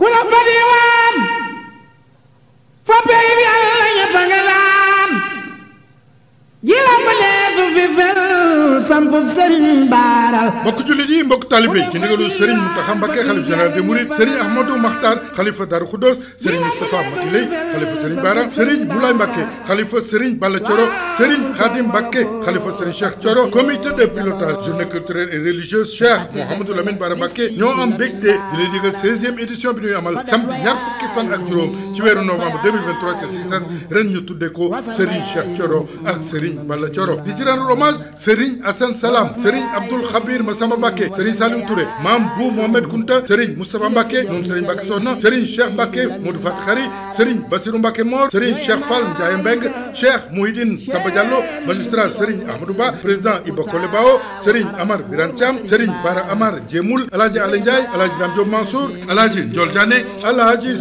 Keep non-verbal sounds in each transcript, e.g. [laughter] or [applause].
ku la sampub sëriñ baara mbokk jullit yi mbokk taalibe yi ci ndigalu sëriñ Mountakha Mbacké xalif général des mourides sëriñ Ahmadou Makhtar xalifa Darou Khoudoss sëriñ Moustapha Matiley xalifa sëriñ baara sëriñ Moulay Mbacké xalifa sëriñ Balla Thioro sëriñ Khadim Mbacké xalifa sëriñ Cheikh Thioro comité de pilotage journée culturelle et religieuse Cheikh Mouhamadou Lamine Bara Mbacké ñoo am mbégte di leen digal 16e édition bi ñuy amal samedi ñaar fukki fan ak juróom ci weeru novembre 2023 ca Cissas ren ñu tuddee ko sëriñ Cheikh Thioro ak sëriñ Balla Thioro di ci rendre hommage sëriñ Assane Salam Serigne Abdoul Khabir Massamba Mbacké Serigne Saliou Touré Mame Bou Mohamed Kounta Serigne Moustapha Mbacké moom Serigne Mbacké Soxna Serigne Cheikh Mbacké Modou Faty Khary Serigne Bassirou Mbacké Mor Serigne Cheikh Fall Ndiaye Mbeng Cheikh Mouhidine Samba Diallo magistrat Serigne Ahmadou Ba président Iba Kole Bao Serigne Amar Birane Thiam Bara Amar Djemoul Alhaji Alé Ndiaye Alhaji Dame Diop Mansour Alhaji Ndiol Diané Alhaji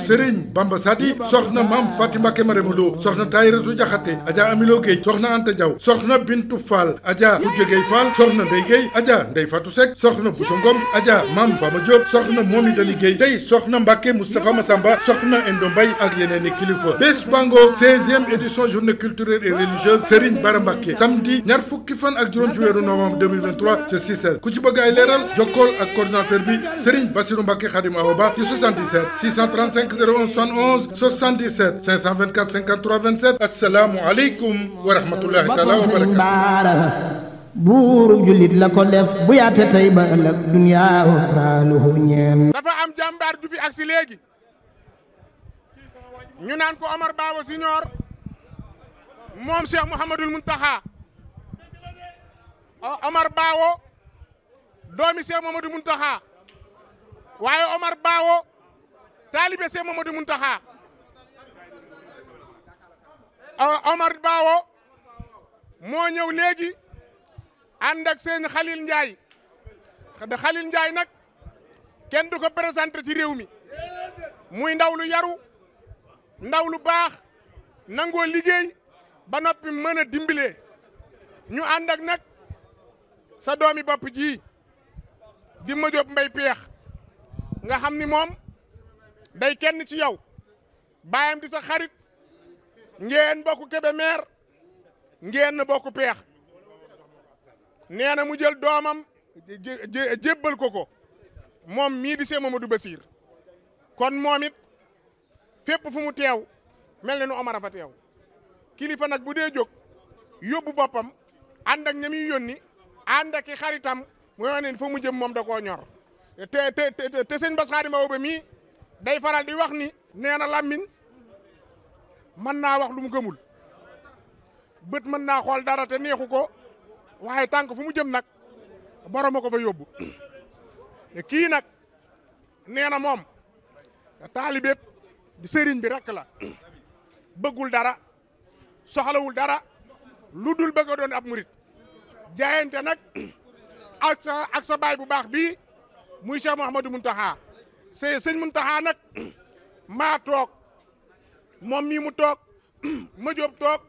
Bamba Sadi Soxna Mame Faty Mbacké Maremoudo Soxna Fall soxna Ndeye Guèye Adja Ndeye Fatou Seck soxna Bousso Ngom Adja Mame Fama Diop soxna Momi Dali Guèye day soxna Mbacke Moustapha Massamba soxna Endo Mbaye ak yeneen kilifa bés bango 16e édition journée culturelle et religieuse Serigne Bara Mbacke samedi ñaar fukki fan ak juróom ci weeru novembre 2023 ci 6h ku ci bëgg ak coordinateur bi Serigne Bassirou Mbacke Khadim Awa Ba ci 77 635 01 71 77 524 53 27 asalaamualeykum wa rahmatullahi taala wa barakatu buuru jullit la ko def bu yaate tey ba ëllëg dunyaa raaluhu ñeen dafa am jàmbaar ju fi agsi léegi ñu naan ko Omar Baba Siñoor moom Cheikh Mouhamadul taxa Omar Baawo doomi Cheikh Mouhamadul Muntaxa waaye Omar Baawo taalibe Cheikh Mouhamadul Muntaxa Omar Baawo moo ñëw léegi ànd seen Khalil Ndiaye da Khalil Ndiaye nag kenn du ko présenté ci réew mi muy ndaw lu yaru ndaw lu baax nangoo liggéey ba noppi mën a dimbilee ñu ànd ak nag sa doomi bopp ji di ma jóob mbay peex nga xam ni moom day kenn ci yow baayam di sa xarit ngeen bokk Kébémer ngeen bokk peex nee na mu jël doomam jébbal ko ko moom mii di Seex du Basiir kon moom it fépp fu mu teew mel ne nu Omar fa teew kilifa nag bu dee jóg yóbbu boppam ànd ak ña yónni ànd i xaritam mu wane ni fa mu jëm moom da koo ñor te te te sëñ Bass Xaadim Awa mii day faral di wax ni nee na làmmiñ mën naa wax lu mu gëmul bët mën naa xool dara te neexu ko waaye tànk fu mu jëm nag borom a ko fa yóbbu [clears throat] te kii nag nee na moom taalibeeb di sëriñ bi rek la [clears throat] bëggul dara soxlawul dara lu dul bëgg a doon ab murit jaayante nag [clears throat] ak sa ak sa baay bu baax bii muy Cheikh Mouhamadou Mountakha sëy sëñ Mountakha nag maa toog moom mii mu toog ma jóob toog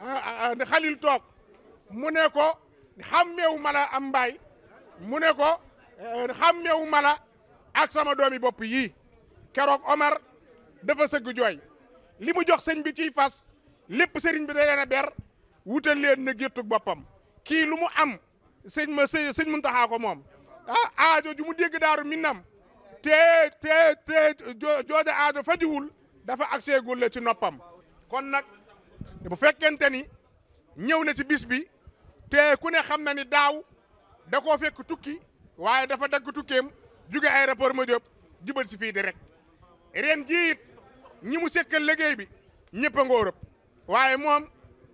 ah, ah, ah, xalil toog mu ne ko xàmmeewu ma la am mbaay mu ne ko eh, xàmmeewu ma la ak sama doomi bopp yi keroog Omar dafa sëgg jooy li mu jox sëñ bi ciy fas lépp sëriñ bi day leen a ber wutal leen na géttug boppam kii lu mu am sëñ ma sëñ sëñ Muntaxa moom ah aajo ju mu dégg daaru minnam te te te jooja aajo fajiwul dafa agseegul la ci noppam kon nag bu fekkente ni ñëw na ci bis bi te ku ne xam na ni daaw da koo fekk tukki waaye dafa dagg tukkeem jóge aéroport Madiop jubal si fii di rek ren jii ñi mu sekkal liggéey bi ñëpp a nga Europe waaye moom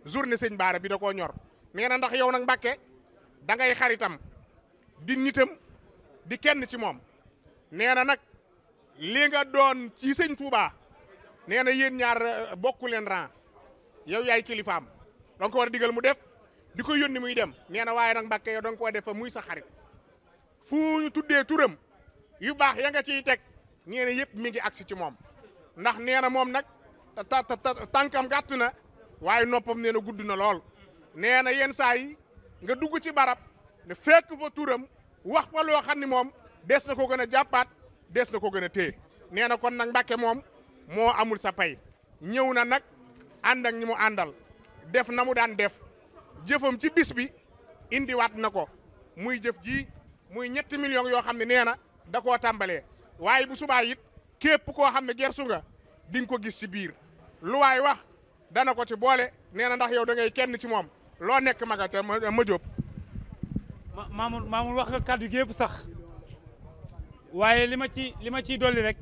journée sëñ baare bi da koo ñor nee na ndax yow nag Mbàkke dangay xaritam di ñitam di kenn ci moom nee na nag li doon ci sëñ Touba nee na yéen ñaar bokku leen rang yow yaay kilifaam donc war a digal mu def di koy yónni muy dem nee na waaye nag mbàkke yow danga koo def fa muy sa xarit fu tuddee turam yu baax ya nga ciy teg nee na yëpp mi ngi agsi ci moom ndax nee na moom nag ta tànkam gàtt na waaye noppam nee na gudd na lool nee na yenn saa yi nga dugg ci barab ne fekk fa turam wax fa loo xam ni moom des na ko gën a jàppaat des na ko gën a téye nee na kon nag mbàkke moom moo amul sa pay ñëw na nag ànd ak ñi mu àndal def na mu daan def jëfam ci bis bi indiwaat na ko muy jëf ji muy ñetti million yoo xam ne nee na da koo tàmbale waaye bu subaa it képp koo xam ne gersu nga di ko gis ci biir lu waay wax dana ko ci boole nee na ndax yow da ngay kenn ci moom loo nekk maga ca ma jóob maamul maamul wax nga kàddu gi sax waaye li ma ci li ma ciy dolli rek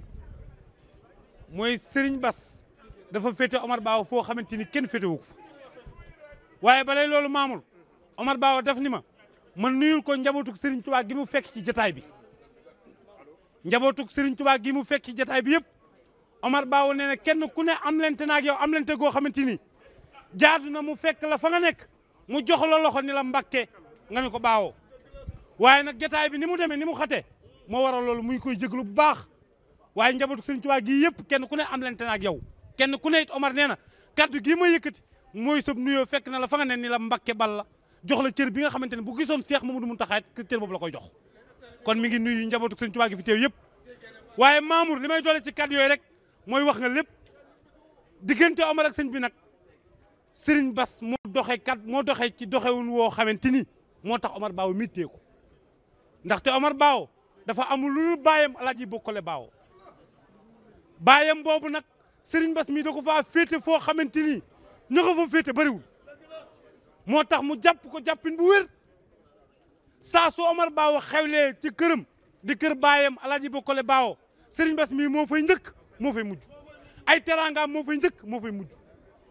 mooy Serigne bas dafa féete Omar baaw foo xamante ni kenn féetewu ko fa waaye balay loolu maamul Omar Bawa def ni ma man nuyul ko njabootuk Serigne Touba gi mu fekk ci jataay bi njabootuk Serigne Touba gi mu fekk ci jataay bi yëpp Omar Bawa nee na kenn ku ne am lente naag yow am lente goo xamante ni jaadu na mu fekk la fa nga nekk mu jox la loxo ni la mbàkke nga ne ko baawoo waaye nag jataay bi ni mu demee ni mu xate moo waral loolu muy koy jéglu bu baax waaye njabootu Serigne Touba gii yëpp kenn ku ne am lente naag yow kenn ku ne Omar nee na kaddu gii ma yëkkati mooy sëb nuyoo fekk na la fa nga ne ni la mbakke bal la jox la cër bi nga xamante ne bu gisoon seex Mamadu Muntaxa cër boobu la ko jox kon mi ngi nuyu njabootu sëñ Tuubaa gi fi teew waaye Mamour li may doole ci kàddu yooyu rek mooy wax nga lépp diggante Omar ak sëñ bi nag Serigne Bass moo doxe kat moo doxee ci doxewun woo xamante ni moo tax Omar Baaw mittee ko ndaxte Omar Baaw dafa amul lu bàyyam alaaji bokkale Baaw bàyyam boobu nag Serigne Bass mi da ko faa foo xamante ni ña ko fa féete moo tax mu jàpp ko jàppin bu wér saa su Omar Baawo xewlee ci këram di kër baayam Alaaji Bokkole Baawo Serigne Bass mii moo fay njëkk moo fay mujj ay teraangaam moo fay njëkk moo fay mujj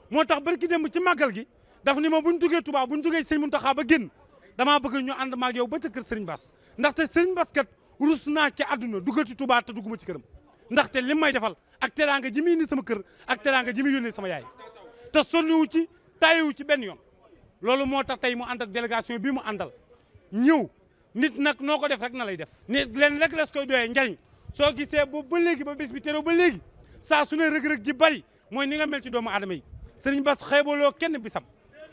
moo tax barki démb ci màggal gi daf ni ma bu ñu duggee Touba bu ñu duggee Serigne Mountakha ba génn damaa bëgg ñu ànd maag yow ba ca kër Serigne Bass ndaxte Serigne Bass kat rus naa ci àdduna duggati Touba te dugguma ci këram ndaxte li may defal ak teraanga ji muy indi sama kër ak teraanga ji muy yónnee sama te sonniwu ci taayiwu ci benn yoon loolu moo tax tey mu ànd ak délégation bi mu àndal ñëw nit nag noo ko def rek na lay def nit leen rek les koy doyee njariñ soo gisee boobu ba léegi ba bés bi teroo ba léegi saa su ne ji bari mooy ni nga mel doomu aadama yi sëriñ Bass xeebaloo kenn bisam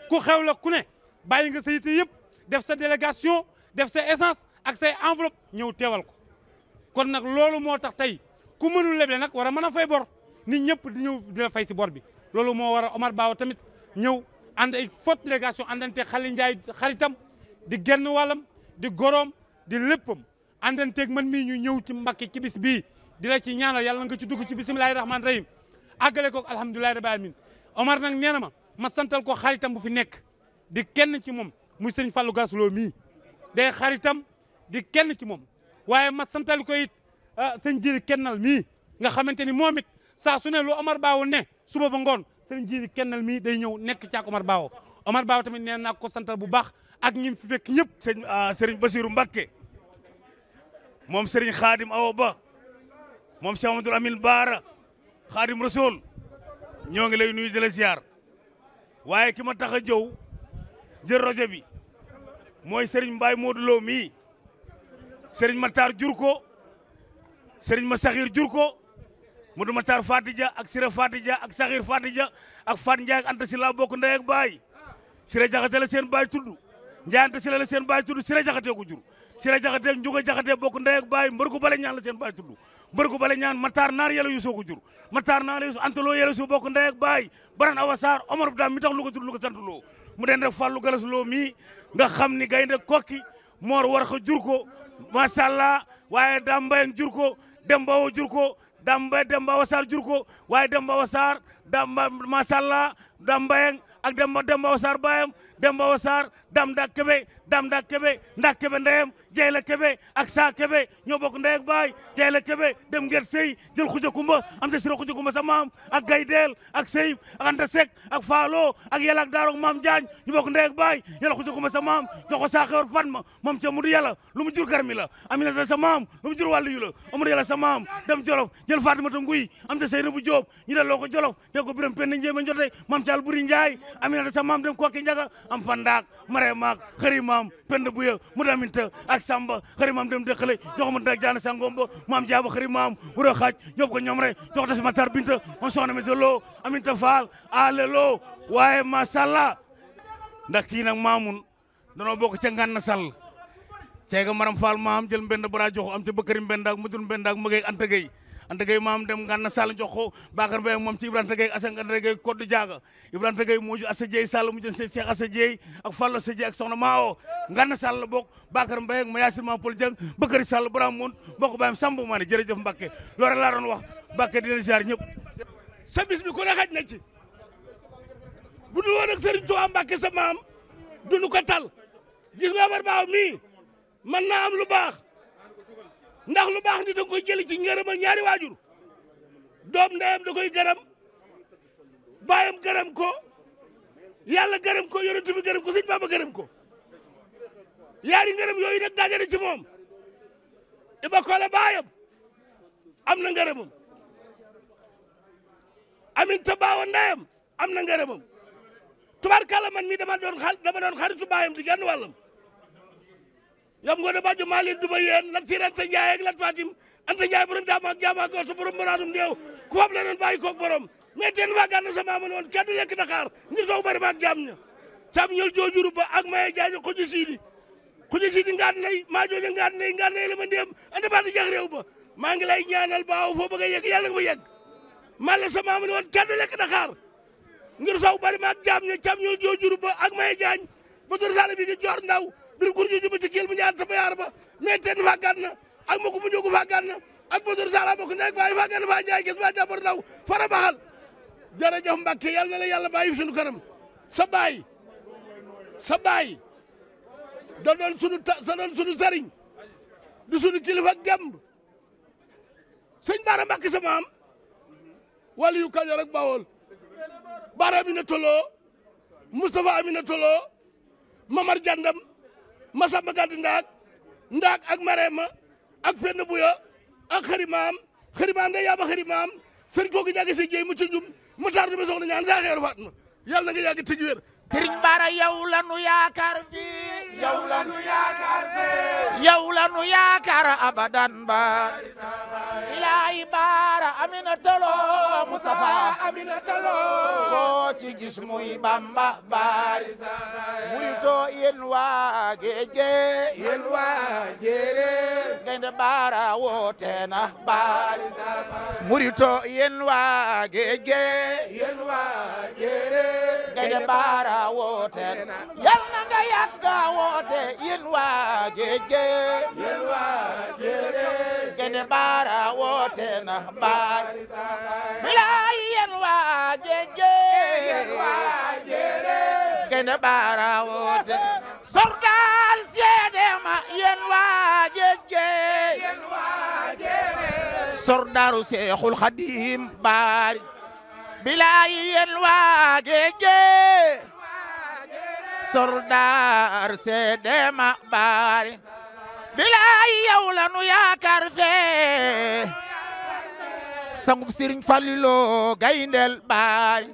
ku xew la ku ne bàyyi nga sa yite yëpp def sa délégation def sa essence ak sa enveloppe ñëw teewal ko kon nag loolu moo tax tey ku mënul leble nag war a mën a fay nit ñëpp di ñëw di fay si bor bi loolu moo war a Omar Ba tamit ñëw ànd ay forte délégation àndante xali njaay xaritam di genn wàllam di goroom di léppam àndanteeg man mii ñu ñëw ci Mbàkke ci bis bii di la ci ñaanal yàlla nga ci dugg ci bisimilahi rahmaani rahim àggale koog alhamdulilahi rabbil alamin Omar nag nee na ma ma santal ko xaritam bu fi nekk di kenn ci moom muy sëñ Fallou Gasloo mii day xaritam di kenn ci moom waaye ma santal ko it ah, sëñ jiri kennal mii nga xamante ni moom it saa su ne Omar Ba wu suba ba ngoon sëriñ Jiili kennal mii day ñëw nekk ci ak Omar Baawo Omar Baawo tamit nee naa ko santal bu baax ak ñi fi fekk ñëpp. sëñ ah, sëriñ Basiru Mbakke moom sëriñ Xaadim Awa Ba moom Cheikh Amadou Amin Baara Xaadim Rasool ngi lay nuyu di waaye ki ma tax a jëw jël rajo bi mooy sëriñ Mbaye Modou Lo mii sëriñ Matar jur ko sëriñ Masaxir jur ko. Modou Matar Faty Dia ak Sira Faty Dia ak Sakhir Faty Dia ak Fat Ndiaye ak Anta Sylla bokk ndey ak baay Sira Jaxate la seen baay tudd Ndiaye Anta Sylla la seen baay tudd Sira Jaxate ko jur Sira Jaxate ak Njuga Jaxate bokk ndey ak baay mbër ko bale ñaan la seen baay tudd mbër ko bale ñaan Matar Naar yàlla yu soo ko jur Matar Naar yàlla antaloo yàlla su bokk ndey ak baay Baran Awa Sarr Omar bu daam mi tax lu ko tudd lu ko sant loo mu den rek Fallou Galas Loo mii nga xam ni gaynde kokki moor war xa jur ko masàllaa waaye daam mbayang jur ko dem jur ko Damba Demba Wassar jur ko waaye Demba Wassar Damba Masalla Damba Mbayang ak Demba Demba Wassar baayam Demba Wassar dam dak kebe dam dak kebe ndak kebe ndeyam jeyla kebe ak saa kebe ño bokk ndey ak baay jeyla kebe dem ngeen sëy jël xuja kumba am ta sira xuja kumba sa maam ak gaydeel ak sëy ak anta sek ak faalo ak yàlla ak daaroog maam jaañ ñu bokk ndey ak baay yàlla xuja kumba sa maam jox ko saaxewar fatma moom ca mu du yàlla lu mu jur garmi mila aminata sa maam lu mu jur wàllu yu la amadu yàlla sa maam dem jolof jël fatimata nguy am ta seyna bu joob ñu delloo ko jolof deg ko biram penn njéeme njote maam caal buri njaay aminata sa maam dem kooke njaga am fandaak xare maak xëri maam pend bu ya mu daminta ak samba xëri maam dem dëkkale jox mu ndak jaana sangomba maam jaaba xëri maam wuro xaaj ñob ko ñoom rek jox tas matar binta on soxna mi loo aminta faal ale loo waaye ma salla ndax kii nag maamun danoo bokk ca ngan na sall ceega maram faal maam jël mbend bara jox am ca bëkkëri mbend ak mujul mbend ak mëgeeg anta gay Anta Gueye maam dem Ngana Sall jox ko Bakar Mbaye moom ci Ibrahima Gueye Assane Anta Gueye Koddu Jaaga Ibrahima Gueye moo ju Assa Dieye Sall mu jël Cheikh Assa Dieye ak Fallo Assa Dieye ak Soxna Maao Ngana Sall la bokk Bakar Mbaye ak Mayacine Mame Paul Dieng Bakary Sall Bram bokk baayam Sambu Mané jërëjëf Mbacké loolu laa doon wax Mbacké dina ziar ñëpp sa bis bi ne xaj na ci bu dul woon ak Serigne Touba Mbacké sa maam duñu ko tal gis nga Omar Ba ndax lu baax ni koy jëli ci ngërëmal ñaari waajur doom ndeyam da koy gërëm baayam gërëm ko yàlla gërëm ko yonent bi gërëm ko sëñ Baba gërëm ko yaari ngërëm yooyu nag dajale ci moom Iba Kola baayam am na ngërëmam Aminta Baawa ndeyam am na ngërëmam tubaarkàlla man mi dama doon xar dama doon xaritu baayam di genn wàllam yam ngoone bàjjo maa leen duma yéen lan siir Anta Njaay ak lan Fatim Anta Njaay borom daama ak jaama ak oto borom maraadum deew ku fab leneen bàyyi teen waa gànna sa maama woon kenn du lekk Dakar ngir toog bari ma ak jaam ña cam ñol joojuru ba ak maye siidi xuji siidi maa jooja ngaat lay ngaat lay la ma ndéem anda baati jag réew ba maa ngi lay ñaanal baaw foo bëgg a yegg yàlla nga ba yegg maa la sa maama woon kenn du lekk Dakar ngir soog bari ma ak jaam bir gurju jiba ci kiil bu ñaar ta bayaar ba mais teen faggan na ak moko bu ñugu faggan na ak bosor sala bokk nekk baay faggan na fa ñaay gis ba jàppar daw fara baxal jërëjëf Mbacke yal na la yàlla bàyyi suñu kanam sa baay sa baay da doon suñu ta sa doon suñu sëriñ di suñu kilifa gemb sëñ Baara Mbacke sa maam wala yu Kajoor ak Bawol Baara Amina Tolo Moustapha Amina Tolo Mamar Jandam Masamba Gàdd Ndaak Ndaak ak Marema ak Penda Buya ak Xarimaam Xarimaam day yaaba Xarimaam sëriñ kooku ñàkk si jéy mu ci njum mu taar du be soxla ñaan saa xeeru faat ma yàlla na nga yàgg tëj wér sëriñ Bara yow la nu yaakaar fii yow la nu yaakaar fee. yow la yaakaar abadan ba. ilaahi baara amina tolo Mustafa amina tolo. koo ci gis muy bamba baari. murito yéen waa géeje. waa jéere. gaynde baara woote na baari. murito yéen waa géeje. waa jéere. géej baara woote yal na nga yàgg woote yéen waa géej géej yéen baara woote na baar bilaay yéen waa géej baara woote sordaal seede ma yéen waa géej géej sordaaru Seexul Xadiim baari bilaay yéen waa géeje sordaar seede ma baari bilaay yow la fee sangub sëriñ Faliloo gayndel baari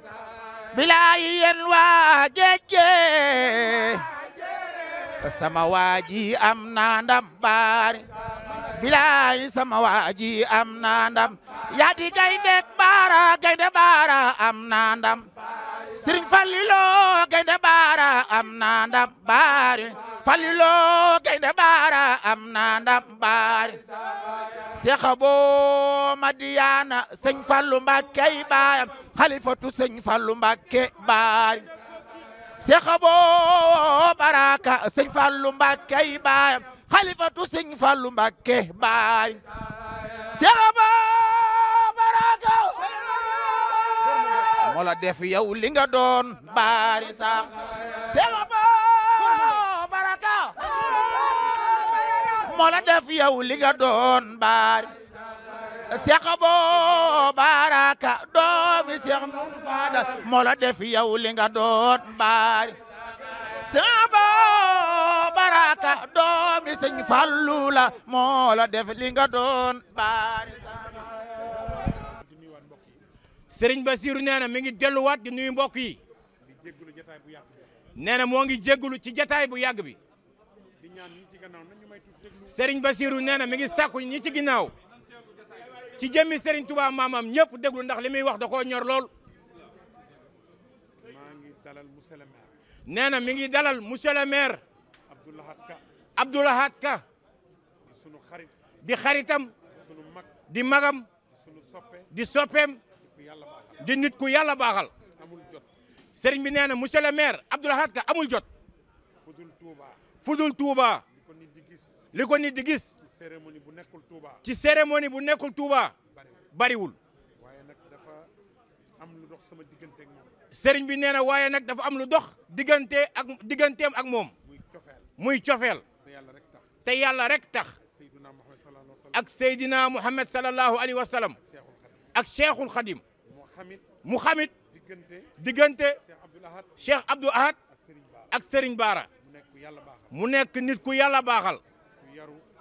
bilaay yéen waa géeje sama am na ndam baari bilaay sama waaji am na ndam yaa di gaynde baara gaynde baara am na ndam Sëriñ gaynde baara am na ndam baari gaynde baara am na ndam Seexa boo Madiyaana Sëñ Fallu Mbàkke baayam xalifatu Sëñ Fallu Mbàkke baayam xalifatu sëñ Fallou Mbacké baari seexaba baraka moo la def nga doon baari sax seexaba baraka moo la def doon baari seexaba baraka doomi seex Fadal moo la def yow doon baari seexaba doomi sëñ Fallu la moo la def li nga mi ngi delluwaat di nuyu mbokk yi nee na moo ngi jéggulu ci jataay bu yàgg bi sëriñ Basiiru nee mi ngi sàkku ñi ci ginnaaw ci jëmmi sëriñ Tuubaa maamam ñëpp déglu ndax li muy wax da koo lool nee mi ngi dalal monsieur le Abdou Lahad Ka sunu di xaritam sunu mag di magam di soppeem di nit ku yàlla baaxal sëriñ bi nee na monsieur le maire Abdou Lahad amul jot fudul Touba li ko nit di gis ci cérémonie bu nekkul Touba bariwul sëriñ bi nee na waaye nag dafa am lu dox diggante ak digganteem ak moom muy cofeel te yàlla rek tax ak Seydina Muhammad sallallahu alayhi wa sallam ak Cheikhul Khadim mu xamit diggante Cheikh Abdou Ahad ak Serigne Bara mu nekk nit ku yàlla baaxal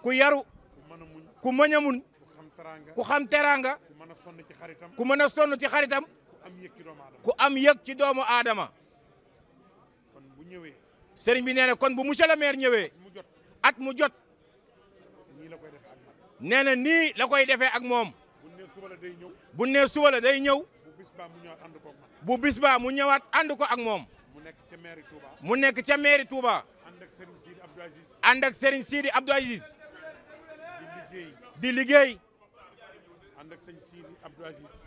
ku yaru ku mën a muñ ku xam teraanga ku mën a sonn ci xaritam ku am yëg ci doomu aadama sëriñ bi nee kon bu monsieur le maire ñëwee at mu jot nee na nii la koy defee ak moom bu nee suba la day ñëw bu bis baa mu ñëwaat ànd ko ak moom mu nekk ca mairie Touba ànd ak sëriñ Sidi Abdou Aziz di liggéey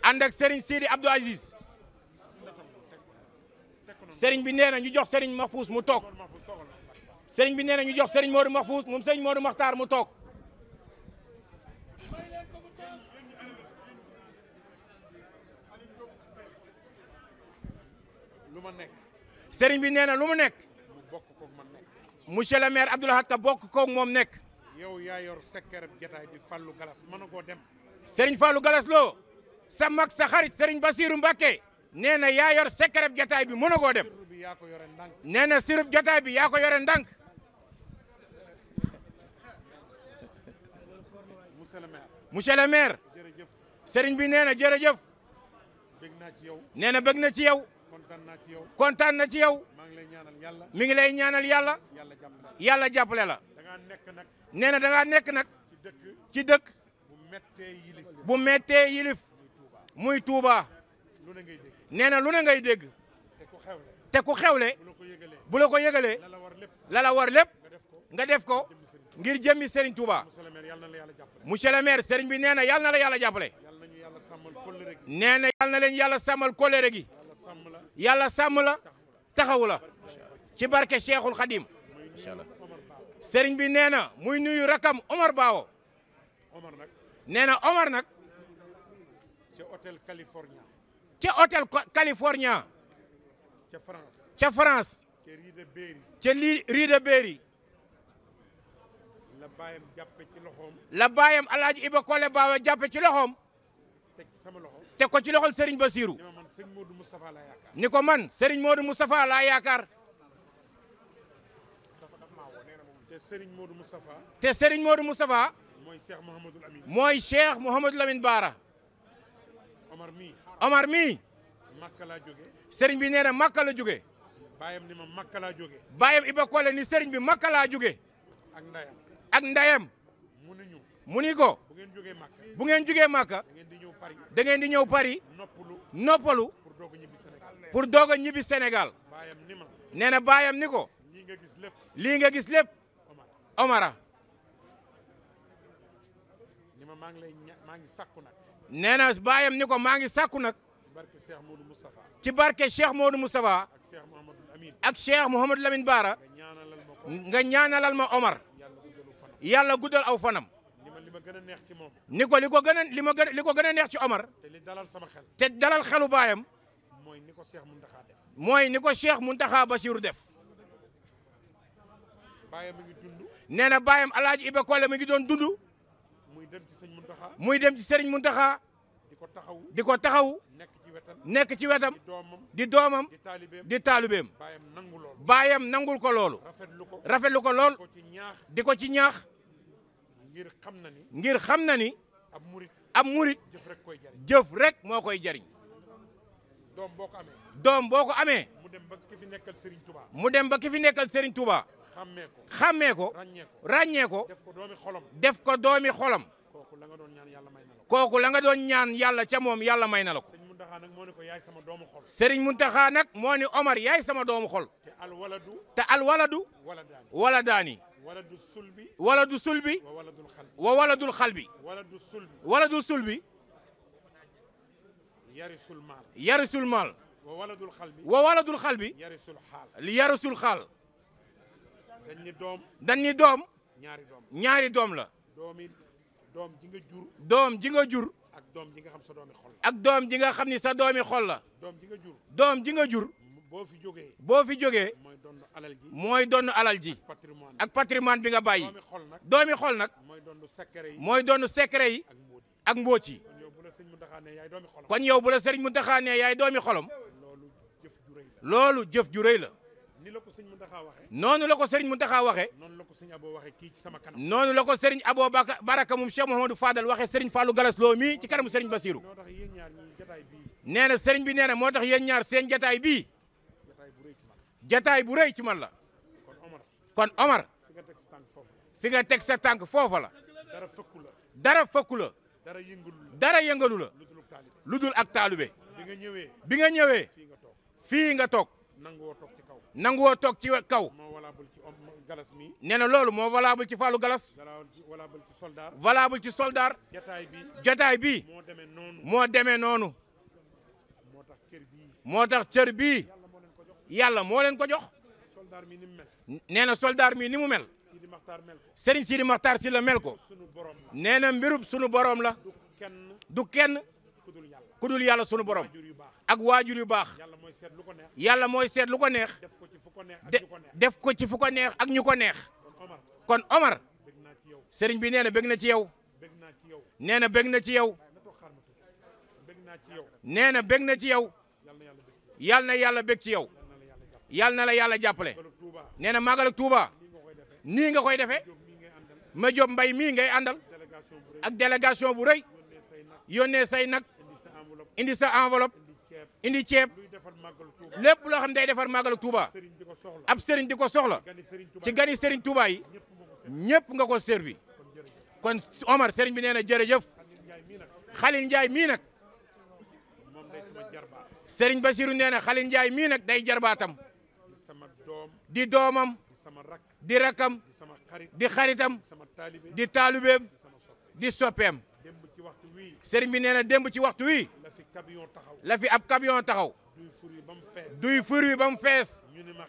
ànd ak sëriñ Sidi Abdou sëriñ bi nee na ñu jox sëriñ Mahfous mu toog sëriñ bi nee na ñu jox sëriñ Modou Mahfous moom sëriñ Modou Makhtar mu toog sëriñ bi nee na lu mu nekk monsieur le maire Abdou Lahad bokk koog moom nekk. yow yaa yor secrétaire jotaay bi Galas mën na koo dem. sëriñ Fallou Galas lo sa mag sa xarit sëriñ Basirou Mbacké. nee na yaa yor secret jotaay bi mënu koo dem nee na sirub jotaay bi yaako yore ndànk monsieur le maire sëriñ bi nee na jërëjëf nee na bëgg na ci yow kontaan na ci yow mi ngi lay ñaanal yàlla yàlla jàppale la nee na da ngaa nekk nag ci dëkk bu mettee yilif muy Touba nee na lu na ngay dégg te ku xewle bu la ko yëgalee la la war lépp nga def ko ngir jëmmi Serigne Touba monsieur le maire Serigne bi nee na yàlla na la yàlla jàppale nee na yàlla na leen yàlla sàmmal kóllëre gi yàlla sàmm la taxawu la ci barke Cheikhul Khadim incha allah Serigne bi nee na muy nuyu rakam Omar Bawo neena na nag. ci hôtel California. ca hôtel California ca France ca France de Berry la baayam jàppe ci Iba Kole Baawa jàppe ci loxoom teg loxo teg ko ci loxol Serigne Basirou ni ko man Serigne Modou Moustapha laa yaakaar te Serigne Modou Moustapha mooy Cheikh Mouhamadou Lamine mooy Omar mi Makka laa jógee. sëriñ bi nee na Makka la jógee. baayam ni ma Makka laa jógee. baayam Iba Kole ni sëriñ bi Makka laa jógee. ak ndayam. ak ndayam. mu ni ñu. mu ni ko. bu ngeen jógee Makka. bu ngeen jógee Makka. ngeen di ñëw Paris. da di ñëw Paris. noppalu. noppalu. pour doog a ñibbi Sénégal. pour doog a ñibbi Sénégal. baayam ni ma. nee baayam ni ko. lii nga gis lépp. lii nga gis lépp. Omara. ma maa ngi ngi sakku nag. nee baayam ni ko maa ngi sàkku nag ci barke Cheikh Modou Moustapha ak Cheikh Mouhamadou Lamine Baara nga ñaanalal ma Omar yàlla guddal aw fanam. ni ko li ko gën a li ma gën li ko gën a neex ci Omar te dalal xelu baayam mooy ni ko Cheikh Mountakha def mooy ni ko Cheikh Mountakha Bassirou def nee na baayam Alaaji Iba Kolle mi ngi doon dund muy dem ci Serigne Mountakha di ko taxaw di ko taxaw nekk ci wetam di doomam di taalibeem baayam nangul ko loolu rafetlu ko lool di ko ci ñaax ngir xam na ni ngir xam na ni ab murit jëf rek moo koy jariñ doom boo ko amee doom boo ko amee mu dem ba ki fi nekkal Serigne Touba mu dem ba ki fi nekkal Serigne Touba xàmmee ko ràññee ko def ko doomi xolam xolam kooku la nga doon ñaan yàlla may na la ko. kooku doon ñaan yàlla ca moom yàlla may na la ko. Serigne Mountakha nag moo ne ko yaay sama doomu xol. Serigne Mountakha nag moo ne Omar yaay sama doomu xol. te al waladu. te al waladu. wala daani. waladu sulbi. waladu sulbi. wa waladul xalbi. wa waladul xalbi. waladu sulbi. waladu sulbi. yarisul maal. yarisul maal. wa waladul xalbi. wa waladul xalbi. yarisul xaal. yarisul xaal. dañ ni doom. dañ doom. ñaari doom la. doom ji nga jur. doom ji nga jur. ak doom ji nga xam sa doomi xol la. ak doom ji nga xam ni sa doomi xol la. doom ji nga jur. doom ji nga jur. boo fi jógee. boo fi jógee. mooy donn alal ji. mooy donn alal ji. ak patrimoine bi nga bàyyi. doomi xol nag. doomi xol nag. mooy donn secret yi. mooy donn secret yi. ak mbóot yi. kon yow bu la sëriñ Muntaxa ne yaay doom doomi xolom loolu jëf ju rëy la. ni la ko sëriñ Mountakha waxee. noonu la ko sëriñ Mountakha waxee. noonu la ko sëriñ Abo waxee kii ci sama kanam. noonu la ko sëriñ Abo Baraka moom Cheikh Mouhamadou Fadal waxee sëriñ Fallou Galas Lo mii ci kanamu sëriñ Basirou. nee na sëriñ bi nee na moo tax yéen ñaar seen jataay bii. jataay bu rey ci man la. kon Omar. fi nga teg sa tànk foofa la. dara fëkku la. dara fëkku la. dara yëngalu la. dara yëngalu la. lu dul ak taalube. bi nga ñëwee. bi nga ñëwee. fii nga toog. nanguwoo toog ci kaw. toog ci kaw. moo valable ci galas mi. loolu moo valable ci Fallou Galas. valable ci soldaar. valable ci soldaar. jotaay bi jotaay bi. moo demee noonu. moo demee noonu. moo tax cër bii. moo tax cër bii yàlla moo leen ko jox. soldaar mi mu mel. nee na soldaar mi ni mu mel. Serigne Sidi Maxtaar si la mel ko. nee na mbirub sunu borom la. du kenn. ku dul yàlla sunu borom ak waajur yu baax yàlla mooy seet lu ko neex def ko ci fu ko neex ak ñu ko neex kon Omar sëriñ bi nee na bëgg na ci yow nee na bëgg na ci yow nee na bëgg na ci yow yàlla na yàlla bëgg ci yow yàlla na la yàlla jàppale nee na màggal ak Touba nii nga koy defee ma job mbay mii ngay àndal ak délégation bu rëy yónnee say nag. indi sa enveloppe indi ceeb lépp loo xam day defar màggalu Touba ab sëriñ di ko soxla ci gani sëriñ Touba yi ñëpp nga ko servi kon Omar sëriñ bi nee na jërëjëf Xalil Njaay mii nag sëriñ Basiru nee na Xalil Njaay mii nag day jarbaatam di doomam di rakam di xaritam di taalubeem di soppeem sëriñ bi nee na démb ci waxtu wi la fi ab camion taxaw. duy fur wi ba mu fees. duy fur la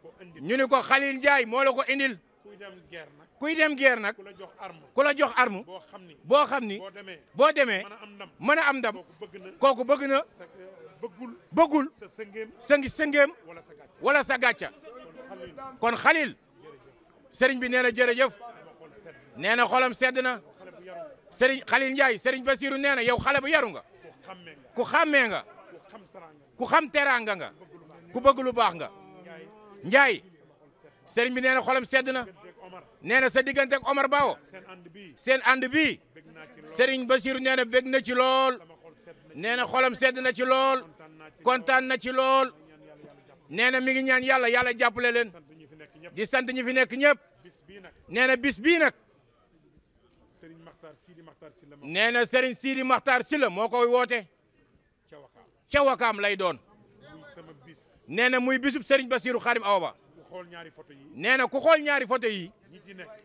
ko indil. ñu ne ko Xalil Ndiaye moo la ko indil. kuy dem guerre nag. kuy dem guerre nag. ku la jox arme. ku la jox arme. boo xam ni. boo xam ni boo demee. mën a am ndam kooku bëgg na. Eh, bëggul bëggul. sa sëngeem sa sëngeem. wala sa gàcca kon Xalil. sëriñ bi nee na jërëjëf. nee na xolam sedd na. sëriñ Xalil Ndiaye sëriñ Basiru nee na yow xale bu yaru nga. ku xàmmee nga ku xam teraanga nga ku bëgg lu baax nga Njaay sëriñ bi nee na xolam sedd na nee na sa diggante ak Omar Bawo seen ànd bii sëriñ Basiru nee na na ci lool nee na xolam sedd na ci lool kontaan na ci lool nee na mi ngi ñaan yàlla yàlla jàppale leen di sant ñi fi nekk ñëpp nee na bis bii nag nee na Serigne Sidi Makhtar Sylla moo koy woote ca Wakaam lay doon nee na muy bisub Serigne Bassirou Khadim Awa Ba nee na ku xool ñaari photo yi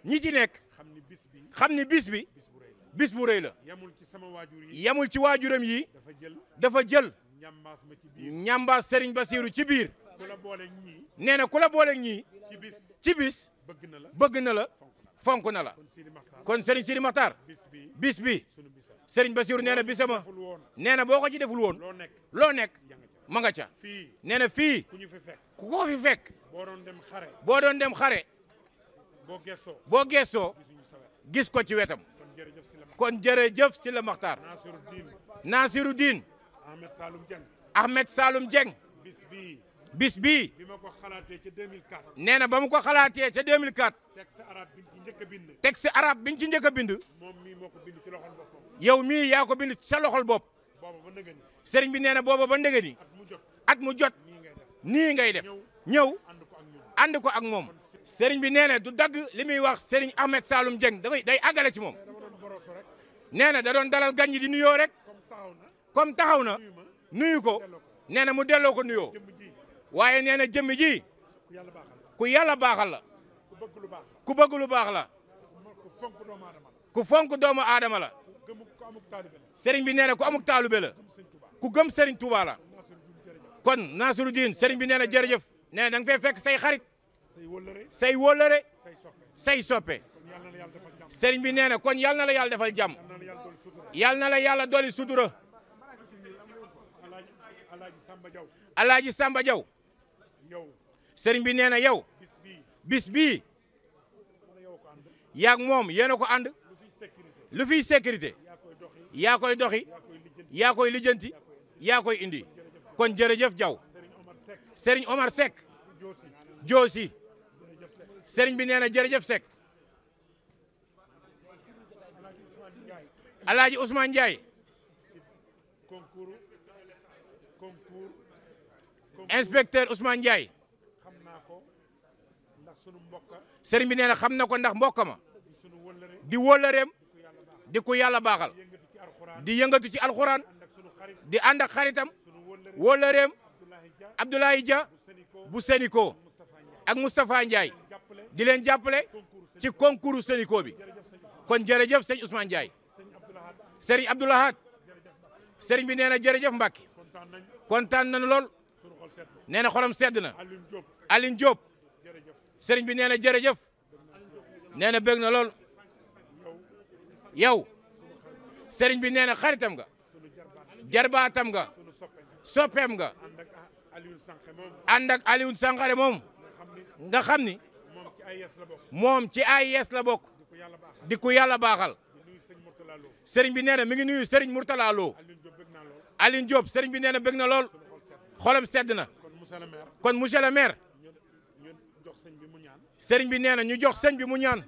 ñi ci nekk xam ni bis bi bis bu rëy la yamul ci waajuram yi dafa jël ñambaas Serigne Bassirou ci biir nee na ku la booleeg ñii ci bis bëgg na la fonk na la kon Serigne Sidi Makhtar bis bi Serigne Bassirou nee na bisama nee na boo ko ci deful woon loo nekk ma nga ca nee na fii ku ko fi fekk boo doon dem xare boo gestoo gis ko ci wetam kon jërëjëf Sidi Makhtar Nasiru Diin Ahmed Saloum Dieng bis bi bis bii nee na ba mu ko xalaatee ca 2004 texte arabe bi ñu ci njëkk a bind yow mi yaa ko bind sa loxol bopp sëriñ bi nee na booba ba ndege ni at mu jot nii ngay def ñëw ànd ko ak moom seriñ bi nee na du dagg li muy wax sëriñ Ahmed Saloum Dieng da day àggale ci moom nee na da doon dalal gan ñi di nuyoo rek comme taxaw na nuyu ko nee mu delloo ko nuyoo waaye nee na jëmm ji ku yàlla baaxal la ku bëgg lu baax la ku fonk doomu aadama la sëriñ bi nee na ku amuk taalube la ku gëm sëriñ Touba la kon Nasiru Diin sëriñ bi nee na jërëjëf nee na da nga fay fekk say xarit say wóllëre say soppe sëriñ bi nee na kon yal la yàlla defal jàmm yal na la yàlla dolli sutura alaaji Samba Diaw sëriñ bi nee na yow bis bii yaag moom yéen ko ànd lu fiy sécurité yaa koy doxi yaa koy lijjanti yaa koy indi kon jërëjëf jaw sëriñ Omar Seck joosi sëriñ bi nee na jërëjëf sek alaaji Ousmane Ndiaye inspecteur Ousmane Ndiaye sëriñ bi nee na xam na ko ndax mbokk ma di wóllëreem di ku yàlla baaxal di yëngatu ci alxuraan di ànd xaritam wóllëreem Abdoulaye Dia bu Sénico ak Moustapha Ndiaye di leen jàppale ci concours Sénico bi kon jërëjëf sëñ Ousmane Ndiaye sëriñ Abdoulahad sëriñ bi nee na jërëjëf Mbacke kontaan lool. nee na xolam sedd na Aline Diop sëriñ bi nee na jërëjëf nee na bëgg na lool yow sëriñ bi nee na xaritam nga jarbaatam nga soppeem nga ànd ak Alioune Sankhare moom nga xam ni moom ci ay yees la bokk di ku yàlla baaxal sëriñ bi nee na mi ngi nuyu sëriñ Mourtala Lo Aline Diop sëriñ bi nee na bëgg na lool. xolam sedd na kon monsieur le maire sëriñ bi nee na ñu jox sëñ bi mu ñaan